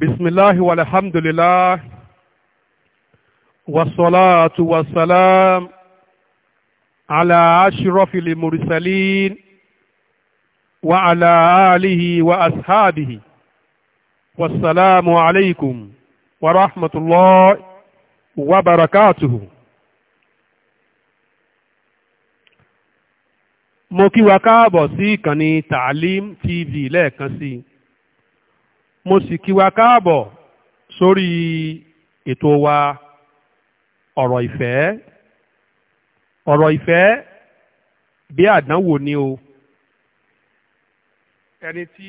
بسم الله والحمد لله والصلاة والسلام على أشرف المرسلين وعلى آله وأصحابه والسلام عليكم ورحمة الله وبركاته mo kí wa káàbọ̀ sí ìkànnì Taalim TV lẹ́ẹ̀kan sí i mo sì kí wa káàbọ̀ sórí ètò wa ọ̀rọ̀ ìfẹ́ ọ̀rọ̀ ìfẹ́ bí àdánwò ni o ẹni tí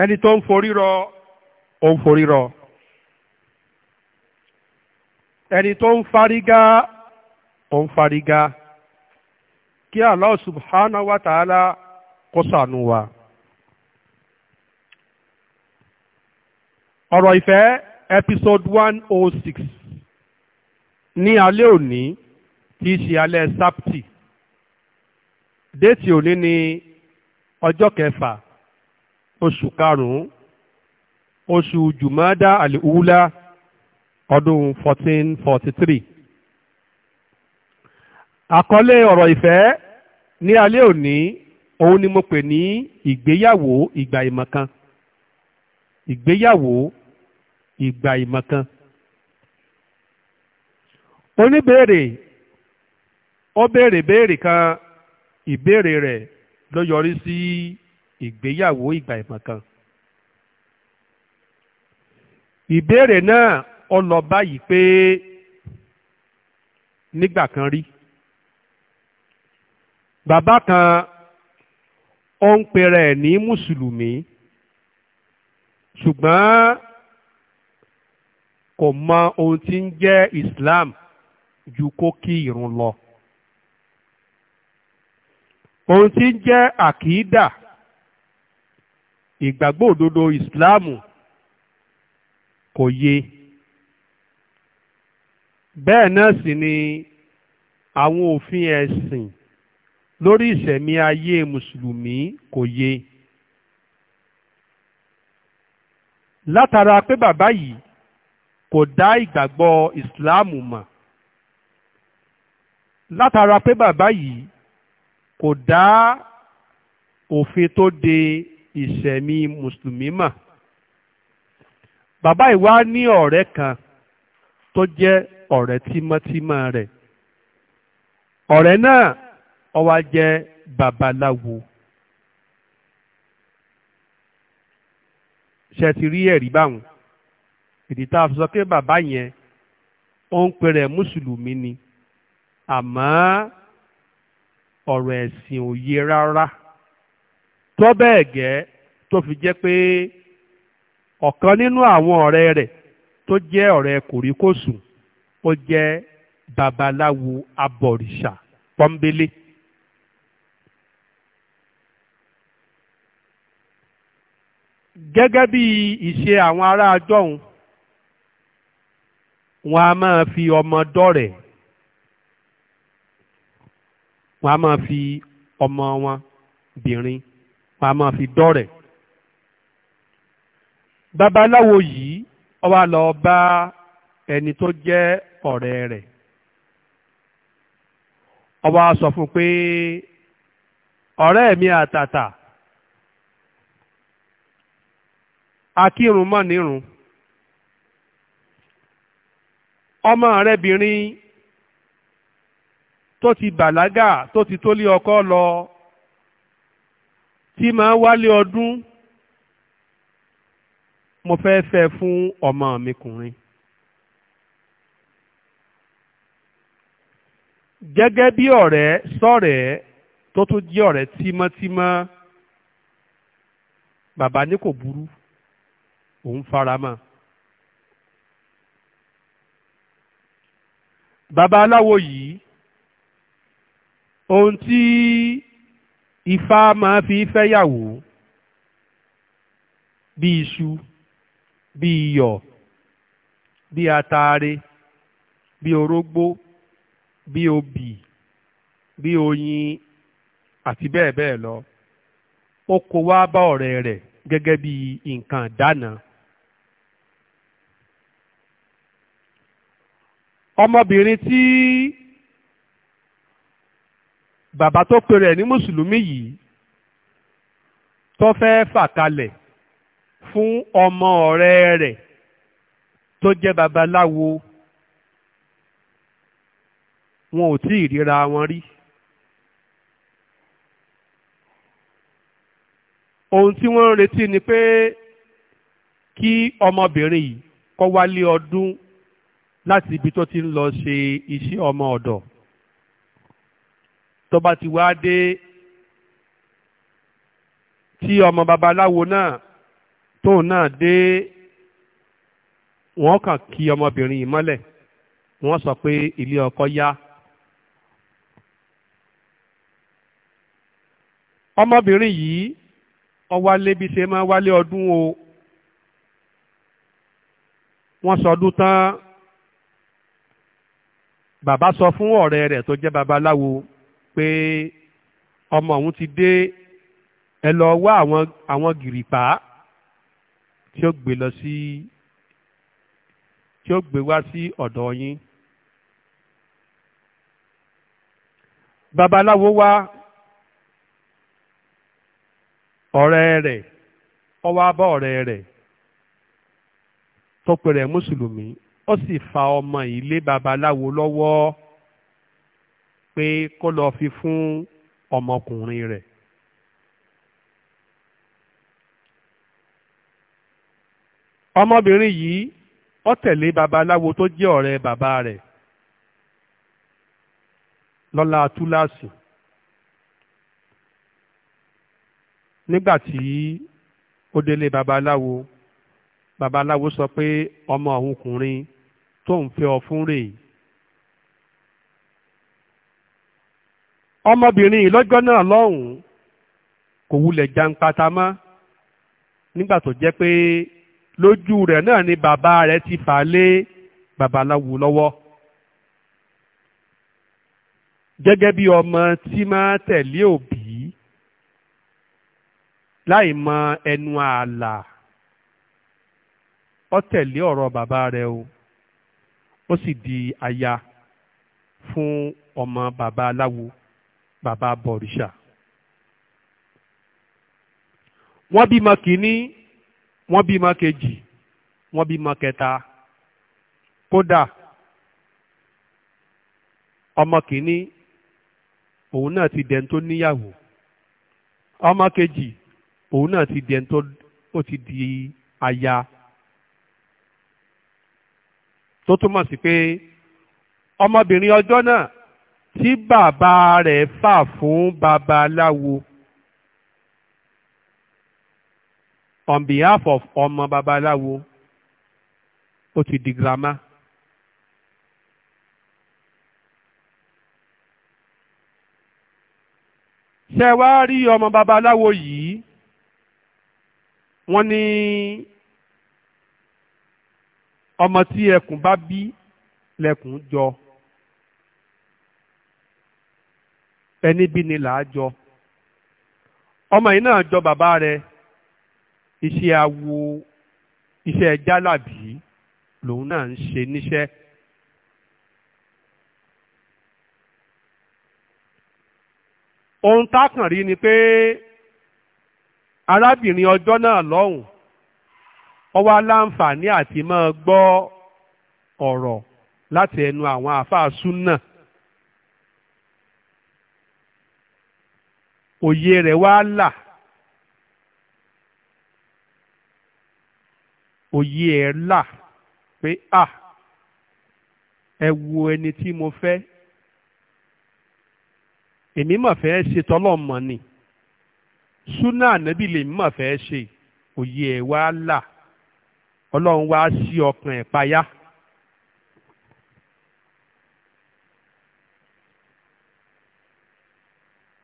ẹni tó ń forí rọ ó ń forí rọ. ẹni tó ń farigá ó ń farigá kí Allah subhanahu wa ta'ala kó ṣàánú wa. ọ̀rọ̀ ìfẹ́ episode one oh ní alẹ́ òní tí í ṣe alẹ́ sáptì déètì òní ni ọjọ́ kẹfà oṣù karùn-ún oṣù jùmọ́dá àlè wúlá. ọdún 1443. àkọlé ọ̀rọ̀ ìfẹ́ ní alẹ́ òní òun ni mo pè ní ìgbéyàwó ìgbà ìmọ̀kan ìgbéyàwó ìgbà ìmọ̀kan. oníbèrè ó béèrè béèrè kan ìbéèrè rẹ̀ ló yọrí sí ìgbéyàwó ìgbà ìmọ̀kan. ìbéèrè náà ó lọ báyìí pé nígbà kan rí bàbá kan ó ń pera ẹ̀ ní mùsùlùmí ṣùgbọ́n kò mọ ohun tí ń jẹ́ Islam ju kó kí ìrun lọ ohun tí ń jẹ́ àkìídà ìgbàgbọ́ òdodo Islam kò yé bẹ́ẹ̀ náà sì ni àwọn òfin ẹ̀sìn lórí ìṣẹ̀mí ayé mùsùlùmí kò yé látara pé bàbá yìí kò dá ìgbàgbọ́ ìsìláàmù mọ̀ látara pé bàbá yìí kò dá òfin tó de ìṣẹ̀mí mùsùlùmí mọ̀ bàbá yìí wá ní ọ̀rẹ́ kan tó jẹ́ ọ̀rẹ́ tímọ́tímọ́ rẹ̀ ọ̀rẹ́ náà ó wá jẹ́ babaláwo ṣe ti rí ẹ̀rí báwọn ìdí tá a fi sọ pé bàbá yẹn ó ń pè rẹ̀ mùsùlùmí ni àmọ́ ọ̀rọ̀ ẹ̀sìn ò yé rárá tó bẹ́ẹ̀ gẹ́ tó fi jẹ́ pé ọ̀kan nínú àwọn ọ̀rẹ́ rẹ̀ tó jẹ́ ọ̀rẹ́ kòríkòsùn ó jẹ́ babaláwo abọ̀rìṣà pọ́ńbélé. gẹ́gẹ́ bí ìṣe àwọn ará ajọ́hun wọn a máa fi ọmọ dọ́rẹ̀ wọn a máa fi ọmọ wọn bìnrin wọn a máa fi dọ́rẹ̀ babaláwo yìí ó lọ bá ẹni tó jẹ́ ọ̀rẹ́ rẹ̀ ọba sọ fún pé ọ̀rẹ́ mi àtàtà akírun mọ́ nírun ọmọ rẹ̀bìnrin tó ti bàlágà tó ti tó lé ọkọ lọ tí máa wálé ọdún mo fẹ́ fẹ́ fún ọmọ mi kùnrin gẹ́gẹ́ bí ọ̀rẹ́ sọ̀rẹ́ tó tún jẹ́ ọ̀rẹ́ tímọ́tímọ́ bàbá ní kò burú òun fara mọ́. bàbá aláwo yìí ohun tí ifá máa fi fẹ́yàwó bí iṣu bí iyọ̀ bí ataare bí orógbó bí obì bí oyin àti bẹ́ẹ̀ bẹ́ẹ̀ lọ ó kó wá bá ọ̀rẹ́ rẹ̀ gẹ́gẹ́ bí nǹkan dáná. ọmọbìnrin tí bàbá tó pe rẹ̀ ní mùsùlùmí yìí tó fẹ́ fà kalẹ̀ fún ọmọ ọ̀rẹ́ rẹ̀ tó jẹ́ babaláwo wọn ò tí ì ríra wọn rí. ohun tí wọ́n ń retí ni pé kí ọmọbìnrin yìí kó wálé ọdún láti ibi tó ti ń lọ ṣe iṣẹ́ ọmọ ọ̀dọ̀ tó bá ti wá dé tí ọmọ babaláwo náà tóun náà dé wọ́n kàn kí ọmọbìnrin yìí mọ́lẹ̀ wọ́n sọ pé ilé ọkọ yá ọmọbìnrin yìí ọwálé bí ṣe máa wálé ọdún o wọ́n sọdún tán bàbá sọ fún ọ̀rẹ́ rẹ̀ tó jẹ́ babaláwo pé ọmọ òun ti dé ẹ lọ wá àwọn àwọn gìrìpá tí ó gbé lọ sí tí ó gbé wá sí ọ̀dọ̀ yín babaláwo wá ọ̀rẹ́ rẹ̀ ó wá bá ọ̀rẹ́ rẹ̀ tó pè rẹ̀ mùsùlùmí ó sì fa ọmọ ilé babaláwo lọ́wọ́ pé kó lọ fi fún ọmọkùnrin rẹ̀. ọmọbìnrin yìí ó tẹ̀lé babaláwo tó jẹ́ ọ̀rẹ́ bàbá rẹ̀ lọ́la túláàsì. nígbà tí ó délé babaláwo babaláwo sọ pé ọmọ òun kùnrin tó ń fẹ́ ọ fún rèé ọmọbìnrin yìí lọ́jọ́ náà lọ́hùn kò wulẹ̀ jàǹpátá mọ́ nígbà tó jẹ́ pé lójú rẹ̀ náà ni bàbá rẹ̀ ti fà lé babaláwo lọ́wọ́ gẹ́gẹ́ bí ọmọ tí máa tẹ̀lé òbí láì mọ ẹnu ààlà ó tẹ̀lé ọ̀rọ̀ bàbá rẹ̀ o ó sì di aya fún ọmọ bàbá aláwo bàbá bọ̀rìṣà wọ́n bímọ kìíní wọ́n bímọ kejì wọ́n bímọ kẹta kódà ọmọ kìíní òun náà ti dẹ̀ tó níyàwó ọmọ kejì òun náà ti di ẹni tó ó ti di aya tó túmọ̀ sí pé ọmọbìnrin ọjọ́ náà tí bàbá rẹ̀ fà fún babaláwo on behalf of ọmọ babaláwo ó ti di grandma. ṣé wàá rí ọmọ babaláwo yìí wọ́n ní ọmọ tí ẹkùn bá bí lẹkùn jọ ẹni bí ni làá jọ ọmọ yìí náà jọ bàbá rẹ̀ iṣẹ́ awo iṣẹ́ jálàbí lòun náà ń ṣe níṣẹ́. ohun tá kàn rí ni pé arábìnrin ọjọ́ náà lọ́hùn ó wá láǹfààní àti máa gbọ́ ọ̀rọ̀ láti ẹnu àwọn àáfàá súnà òye rẹ̀ wá là òye ẹ̀ là pé à ẹ wo ẹni tí mo fẹ́ èmi mọ̀ fẹ́ ṣe mọ̀ ni. súnà ànábì lèmi mà fẹ́ ṣe òye ẹ̀ wá là ọlọ́run wá sí ọkàn ẹ̀ payá.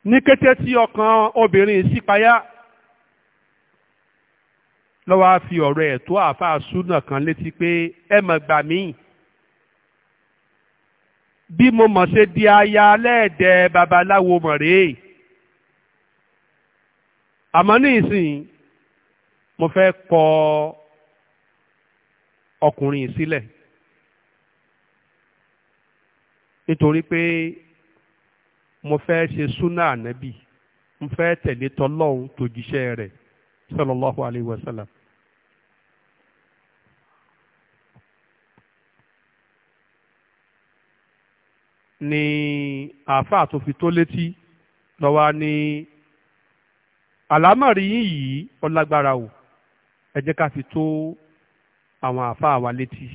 ní kété tí ọkàn obìnrin sí payá lọ́wọ́ á fi ọ̀rọ̀ ẹ̀ àáfàá súnà kan létí pé ẹ mọ̀ gbà míì bí mo mọ̀ ṣe di aya lẹ́ẹ̀dẹ̀ babaláwo mọ̀ rèé àmọ́ ní ìsìn mo fẹ́ kọ ọkùnrin sílẹ̀ nítorí pé mo fẹ́ ṣe súnà ànábì mo fẹ́ tẹ̀lé tọlọ́hun tó jíṣẹ́ rẹ̀ sallallahu alayhi wa ni àáfàá tó fi tó létí lọ́wọ́ ní àlámọ̀rí yín yìí ọlágbára o ẹ jẹ́ ká fi tó àwọn àáfàá wa létí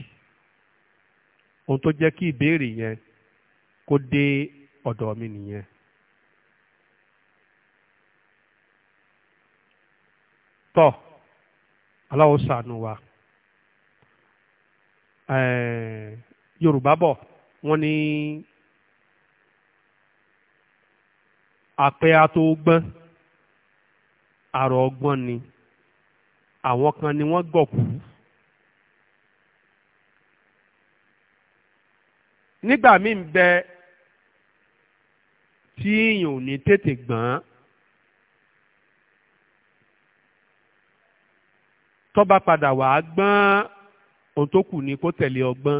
ohun tó jẹ́ kí ìbéèrè yẹn kó dé ọ̀dọ̀ mi nìyẹn. tọ́ aláwo ṣàánú wa yorùbá bọ̀ wọ́n ní àpẹ́ àtó gbọ́n àrò ọgbọ́n ni àwọn kan ni wọ́n gọ̀kú. nígbà míì ń bẹ tí èèyàn ò ní tètè gbọ́n tó bá padà wà á gbọ́n ohun tó kù ni kó tẹ̀lé ọgbọ́n.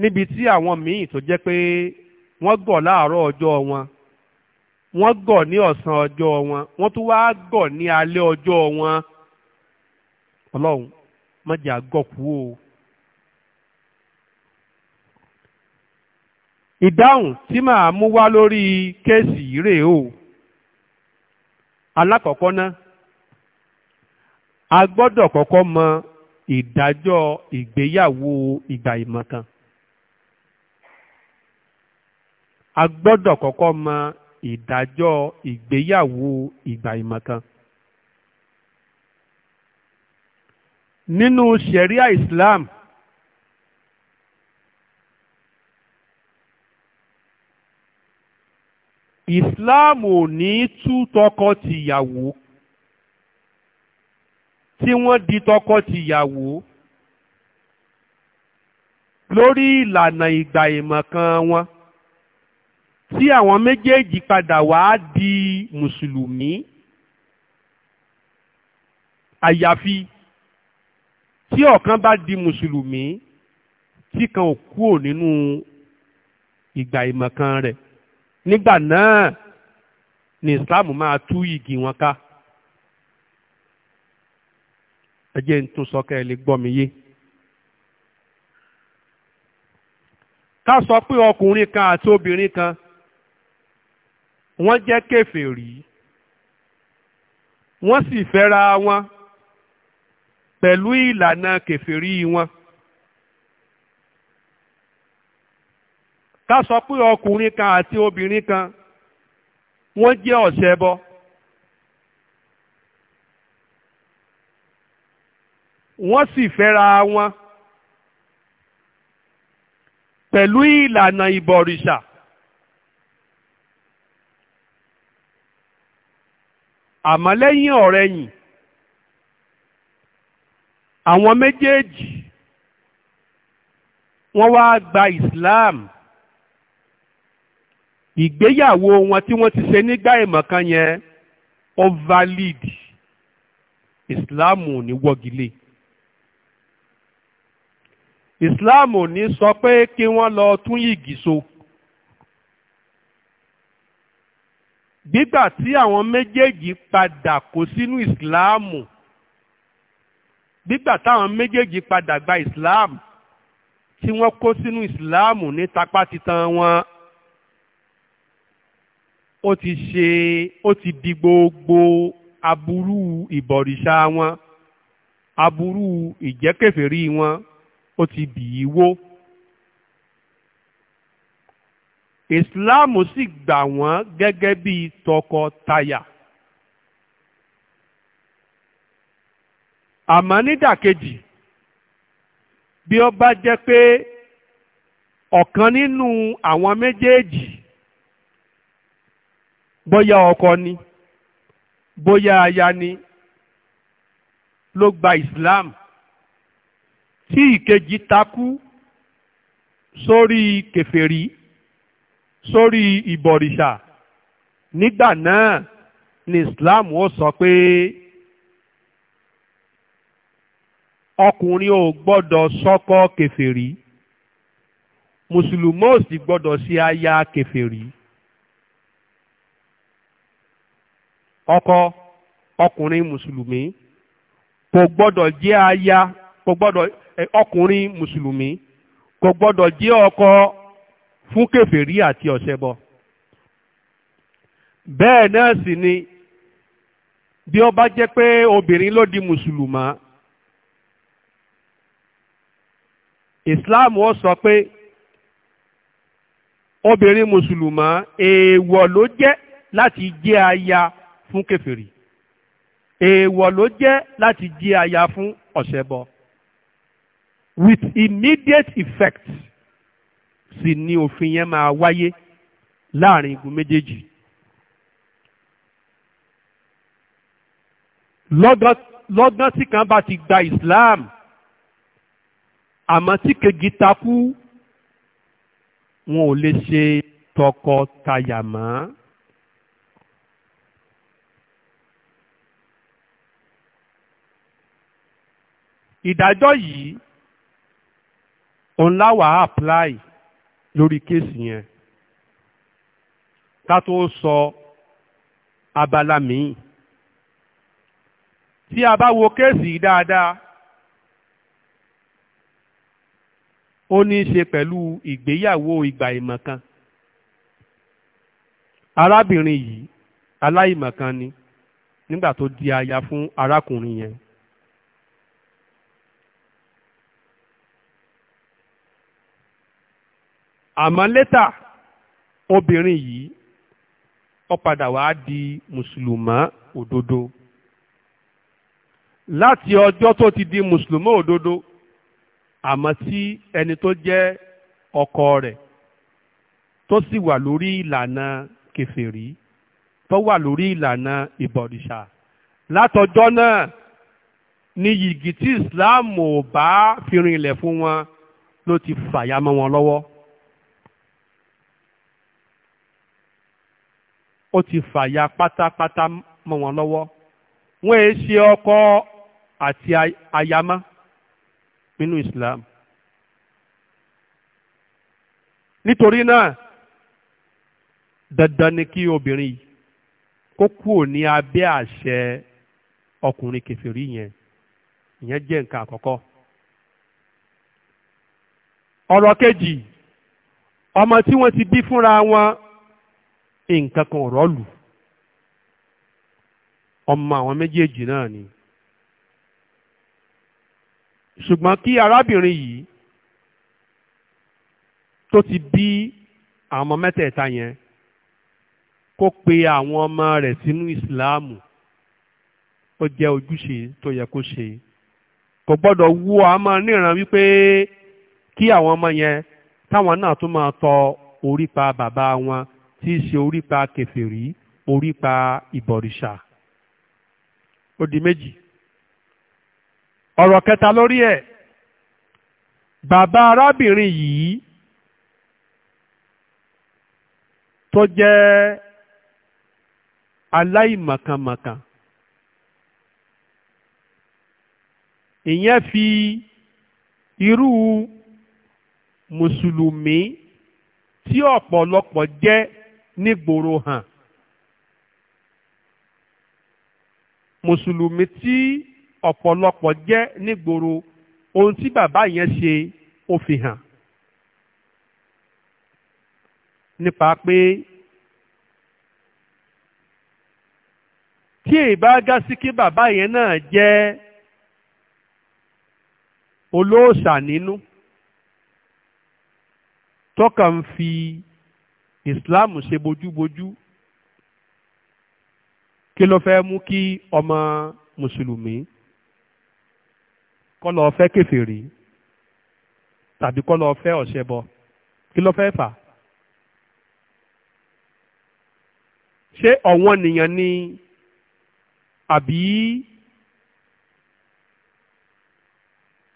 níbi tí àwọn míì tó jẹ́ pé wọ́n gọ̀ láàárọ̀ ọjọ́ wọn wọ́n gọ̀ ní ọ̀sán ọjọ́ wọn wọ́n tún wá gọ̀ ní alẹ́ ọjọ́ wọn ọlọ́run má jẹ́ o. ìdáhùn tí màá mú wá lórí kéèsì yìí rèé o alákọ̀ọ́kọ́ ná a gbọ́dọ̀ kọ́kọ́ mọ ìdájọ́ ìgbéyàwó ìgbà ìmọ̀kan a gbọ́dọ̀ kọ́kọ́ mọ ìdájọ́ ìgbéyàwó ìgbà ìmọ̀kan. nínú ṣẹ̀ríà Islam Islam ò ní tú tọkọ-tìyàwó tí wọ́n di tọkọ-tìyàwó lórí ìlànà ìgbà ìmọ̀kan wọn tí àwọn méjèèjì padà wá di mùsùlùmí àyàfi tí ọ̀kan bá di mùsùlùmí tí kan ò kúò nínú ìgbà ìmọ̀kan rẹ̀ nígbà náà ni Islam máa tú igi wọn ká ẹ jẹ́ n tún sọ kẹ́ ẹ lè gbọ́ mi yé. ká sọ pé ọkùnrin kan àti obìnrin kan wọ́n jẹ́ kèfèrí wọ́n sì fẹ́ra wọn pẹ̀lú ìlànà kèfèrí wọn. ká sọ pé ọkùnrin kan àti obìnrin kan wọ́n jẹ́ ọ̀ṣẹbọ. wọ́n sì fẹ́ra wọn pẹ̀lú ìlànà ìbọ̀rìṣà. àmọ́ lẹ́yìn ọ̀rẹ̀yìn àwọn méjèèjì wọ́n wá gba Islam ìgbéyàwó wọn tí wọ́n ti ṣe nígbà ìmọ̀kan yẹn ó valid Islam ò ní wọ́gilé Islam ní sọ pé kí wọ́n lọ tún yìgì so. gbígbà tí àwọn méjèèjì padà kó sínú ìsìláàmù gbígbà táwọn méjèèjì padà gba ìsìláàmù tí wọ́n kó sínú ìsìláàmù ní tapá titan wọn ó ti ṣe ó ti di gbogbo aburú ìbọ̀rìṣà wọn aburú ìjẹ́kèfèrí wọn ó ti bì í wó. Islam sì gbà wọ́n gẹ́gẹ́ bí tọkọtaya. àmọ́ nídàkejì bí ó bá jẹ́ pé ọ̀kan nínú àwọn méjèèjì bóyá ọkọ ni bóyá aya ni ló gba Islam tí ìkejì takú sórí kèfèrí. sórí ìbọ̀rìṣà nígbà náà ni Islam ó sọ pé ọkùnrin ò gbọ́dọ̀ sọ́kọ kèfèrí mùsùlùmí ò sì gbọ́dọ̀ sí aya kèfèrí ọkọ ọkùnrin mùsùlùmí kò gbọ́dọ̀ jẹ́ aya kò gbọ́dọ̀ ọkùnrin mùsùlùmí kò gbọ́dọ̀ jẹ́ ọkọ fún kèfèrí àti ọ̀ṣẹbọ bẹ́ẹ̀ náà sì ni bí ó bá jẹ́ pé obìnrin ló di mùsùlùmá Islam ó sọ pé obìnrin mùsùlùmá èèwọ̀ ló jẹ́ láti jẹ́ aya fún kèfèrí èèwọ̀ ló jẹ́ láti jẹ́ aya fún ọ̀ṣẹbọ with immediate effect sì ni òfin yẹn máa wáyé láàrin igun méjèèjì. lọ́gán tí kan bá ti gba Islam àmọ́ tí kejì takú wọn ò lè ṣe tọkọtaya mọ́. ìdájọ́ yìí òun láwàá apply lórí kéèsì yẹn ká tó sọ abala míì tí a bá wo kéèsì yìí dáadáa ó ní í ṣe pẹ̀lú ìgbéyàwó ìgbà ìmọ̀kan arábìnrin yìí aláìmọ̀kan ni nígbà tó di aya fún arákùnrin yẹn àmọ́ létà obìnrin yìí ó padà wá di mùsùlùmá òdodo láti ọjọ́ tó ti di mùsùlùmá òdodo àmọ́ tí ẹni tó jẹ́ ọkọ rẹ̀ tó sì wà lórí ìlànà kèfèrí tó wà lórí ìlànà ìbọ̀rìṣà látọjọ́ náà ni yìgì tí Islam ò bá fi rinlẹ̀ fún wọn ló ti fàyà mọ́ wọn lọ́wọ́. ó ti fàya pátápátá mọ́ wọn lọ́wọ́ wọ́n èé ṣe ọkọ àti ayamá nínú Islam nítorí náà dandan ni kí obìnrin yìí kó kúrò ní abẹ́ àṣẹ ọkùnrin kèfèrí yẹn ìyẹn jẹ́ nǹkan àkọ́kọ́ ọ̀rọ̀ kejì ọmọ tí wọ́n ti bí fúnra wọn nǹkan kan ọ̀rọ̀ lù ọmọ àwọn méjèèjì náà ni ṣùgbọ́n kí arábìnrin yìí tó ti bí àwọn ọmọ mẹ́tẹ̀ẹ̀ta yẹn kó pe àwọn ọmọ rẹ̀ sínú ìsìláàmù ó jẹ́ ojúṣe tó yẹ kó ṣe kò gbọ́dọ̀ wú ọmọ níran wípé kí àwọn ọmọ yẹn táwọn náà tún máa tọ orí bàbá wọn tí í ṣe orípa kèfèrí orípa ìbọ̀rìṣà ó di méjì ọ̀rọ̀ kẹta lórí ẹ̀ bàbá arábìnrin yìí tó jẹ́ aláìmọ̀kànmọ̀kàn ìyẹn fi irú mùsùlùmí tí ọ̀pọ̀lọpọ̀ jẹ́ nígboro hàn mùsùlùmí tí ọ̀pọ̀lọpọ̀ jẹ́ nígboro ohun tí bàbá yẹn ṣe ó fi hàn nípa pé tí èèbá gá sí kí bàbá yẹn náà jẹ́ olóòṣà nínú tọ́ka ń fi Islam ṣe bojúbojú kí ló fẹ́ mú kí ọmọ mùsùlùmí kọ́ lọ fẹ́ kèfèrí tàbí kọ́ lọ fẹ́ ọ̀ṣẹbọ kí ló fẹ́ fà ṣé ọ̀wọ́n nìyẹn ni àbí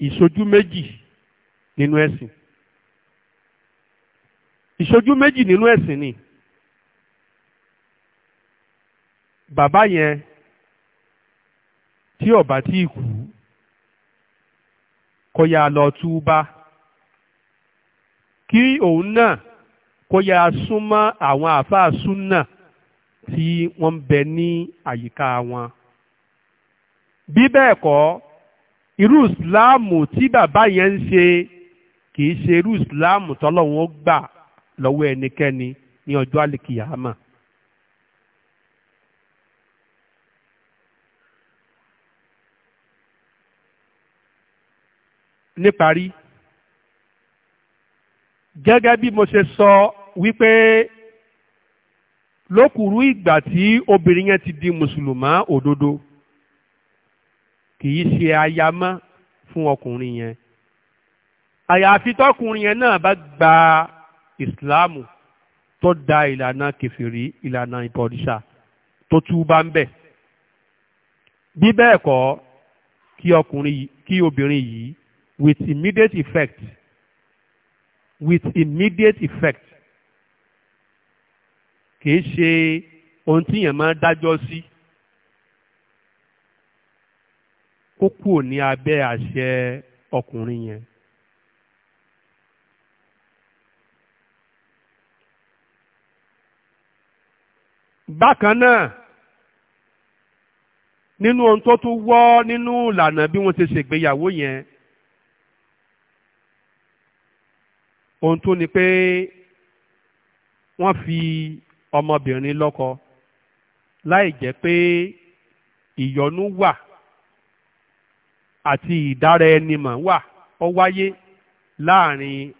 ìṣojú méjì nínú ẹ̀sìn ìṣojú méjì nínú ẹ̀sìn ni bàbá yẹn tí ó bá tí kú kó yá lọ túbá kí òun náà kó yá súnmọ́ àwọn àáfàá súnà tí wọ́n ń bẹ ní àyíká wọn bí bẹ́ẹ̀ kọ́ irú ìsìláàmù tí bàbá yẹn ń ṣe kì í ṣe irú ìsìláàmù tọ́lọ́hun gbà lọ́wọ́ ẹnikẹ́ni ní ọjọ́ àlìkìyàmà. níparí gẹ́gẹ́ bí mo ṣe sọ wípé lókùrú ìgbà tí obìnrin yẹn ti di mùsùlùmá òdodo kì í ṣe aya mọ́ fún ọkùnrin yẹn àyàfi tọkùnrin yẹn náà bá gba ìsìláàmù tó da ìlànà kẹfìrí ìlànà ìbọ̀rìṣà tó tú bá ń bẹ̀. bí bẹ́ẹ̀ kọ́ kí ọkùnrin kí obìnrin yìí with immediate effect with immediate effect kìí ṣe ohun tí yẹn máa dájọ́ sí kó kúrò ní abẹ́ àṣẹ ọkùnrin yẹn bákan náà nínú ohun tó tún wọ́ nínú ìlànà bí wọ́n ti ṣègbéyàwó yẹn ohun tó ni pé wọ́n fi ọmọbìnrin lọ́kọ láì jẹ́ pé ìyọnu wà àti ìdára ẹni mọ̀ wà ó wáyé láàrin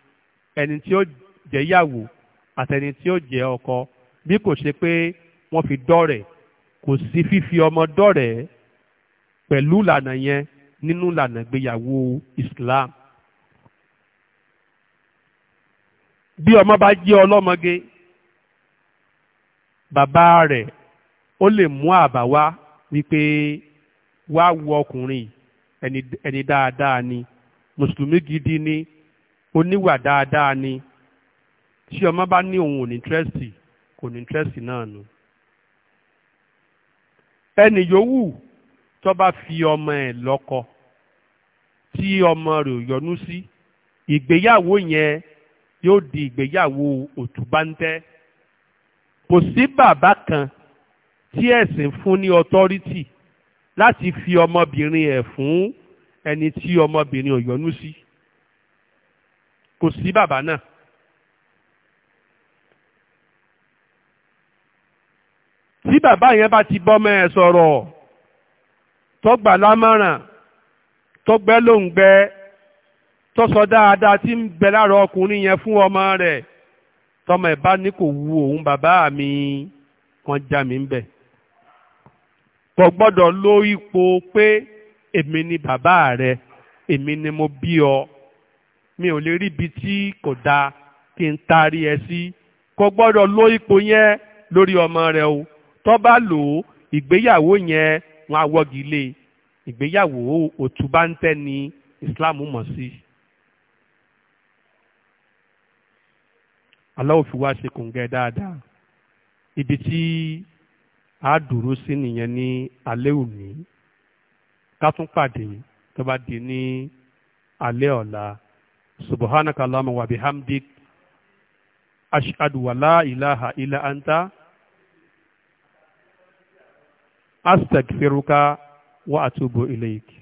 ẹni tí ó jẹ́ yàwó àtẹni tí ó jẹ́ ọkọ bí kò ṣe pé wọ́n fi dọ́rẹ̀ kò sí fífi ọmọ dọ́rẹ̀ pẹ̀lú ìlànà yẹn nínú ìlànà ìgbéyàwó Islam. bí ọmọ bá jẹ́ ọlọ́mọge bàbá rẹ̀ ó lè mú àbá wá wípé wá wo ọkùnrin ẹni dáadáa ni mùsùlùmí gidi ni oníwà dáadáa ni tí ọmọ bá ní òun ò ní tírẹ́sì kò ní tírẹ́sì náà nù. No ẹnì yòówù tó bá fi ọmọ ẹ̀ lọ́kọ tí ọmọ rẹ̀ ò yọnú sí ìgbéyàwó yẹn yóò di ìgbéyàwó òtúbáńtẹ́ kò sí bàbá kan tí ẹ̀sìn fún ní ọtọ́rítì láti fi ọmọbìnrin ẹ̀ fún ẹni tí ọmọbìnrin ò yọnú sí kò sí bàbá náà. tí bàbá yẹn bá ti bọ́mọ ẹ̀ sọ̀rọ̀ tó gbà lámọ̀ràn tó gbẹ́ ló ń gbẹ́ tó sọ dáadáa tí ń bẹ lára ọkùnrin yẹn fún ọmọ rẹ̀ tọmọ ẹ̀ bá ní kò wu òun bàbá mi kan já mi ń bẹ̀ kò gbọ́dọ̀ lo ipò pé èmi ni bàbá rẹ̀ èmi ni mo bí ọ mi ò lè rí ibi tí kò dáa kí n taari ẹ sí kò gbọ́dọ̀ lo ipò yẹn lórí ọmọ rẹ o tó bá lò ó ìgbéyàwó yẹn wọn awọ́gi lé e. ìgbéyàwó òtúbá ni Islam mọ̀ sí. Allah fi wá ṣe kòǹgẹ́ dáadáa ibi tí a dúró sí nìyẹn ní alẹ́ òní ká tún pàdé tó bá di ní alẹ́ ọ̀la subhanaka Allahumma wa bihamdik Ashadu wa ilaha ila anta. astagfiruka wa atubu ilayk.